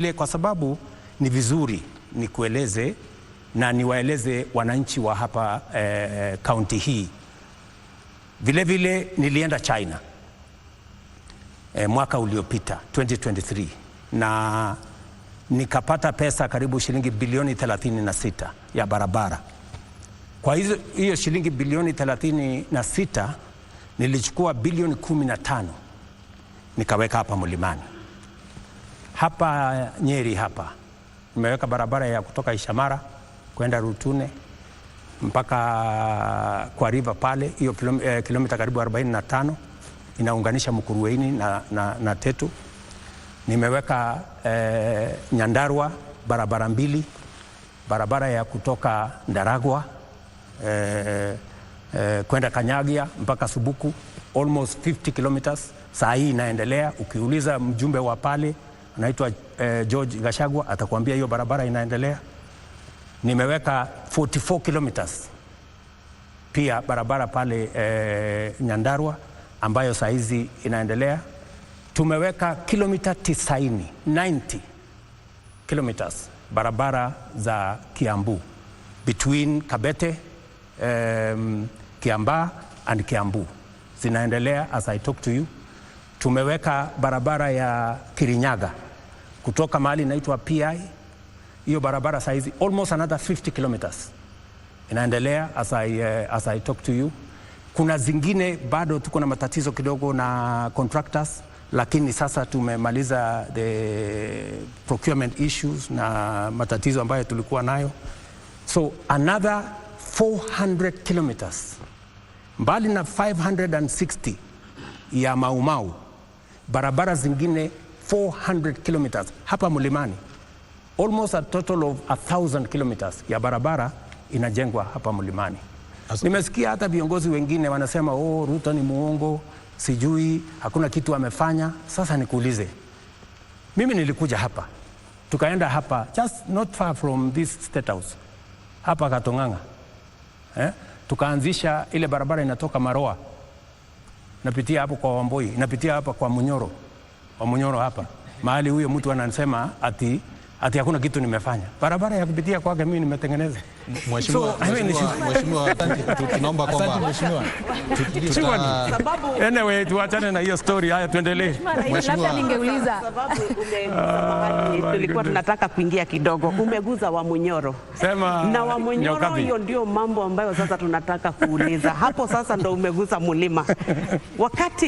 Le, kwa sababu ni vizuri nikueleze na niwaeleze wananchi wa hapa eh, kaunti eh, hii. Vile vile nilienda China eh, mwaka uliopita 2023 na nikapata pesa karibu shilingi bilioni 36 ya barabara. Kwa hizo hiyo shilingi bilioni 36 nilichukua bilioni 15 nikaweka hapa Mlimani hapa Nyeri hapa nimeweka barabara ya kutoka Ishamara kwenda Rutune mpaka kwa river pale, hiyo eh, kilomita karibu 45 inaunganisha Mkuruweni na, na, na Tetu. Nimeweka eh, Nyandarua barabara mbili, barabara ya kutoka Ndaragwa eh, eh, kwenda Kanyagia mpaka Subuku almost 50 kilometers. Saa hii inaendelea, ukiuliza mjumbe wa pale anaitwa eh, George Gashagwa atakwambia hiyo barabara inaendelea. Nimeweka 44 kilometers pia barabara pale eh, Nyandarua ambayo saa hizi inaendelea. Tumeweka kilomita 90 90 kilometers barabara za Kiambu between Kabete um, Kiambaa and Kiambu zinaendelea as I talk to you tumeweka barabara ya Kirinyaga kutoka mahali inaitwa PI. Hiyo barabara saa hizi almost another 50 kilometers inaendelea as I, uh, as I talk to you. Kuna zingine bado tuko na matatizo kidogo na contractors, lakini sasa tumemaliza the procurement issues na matatizo ambayo tulikuwa nayo, so another 400 kilometers mbali na 560 ya Maumau barabara zingine 400 kilometers hapa mlimani, almost a total of 1000 kilometers ya barabara inajengwa hapa mlimani. Nimesikia hata viongozi wengine wanasema oh, Ruto ni muongo, sijui hakuna kitu amefanya. Sasa nikuulize, mimi nilikuja hapa tukaenda hapa just not far from this state house hapa Katonganga, eh? tukaanzisha ile barabara inatoka Maroa napitia hapo kwa Wamboi, napitia hapa kwa Munyoro, Wamunyoro hapa mahali huyo mtu anasema ati ati hakuna kitu nimefanya. Barabara ya kupitia kwake mimi nimetengeneza. Mheshimiwa, mheshimiwa, anyway, tuachane na hiyo story. Haya, tuendelee. ningeuliza ah, tulikuwa tunataka kuingia kidogo, umeguza Wamunyoro sema na Munyoro, hiyo ndio mambo ambayo sasa tunataka kuuliza hapo. Sasa ndo umeguza mulima wakati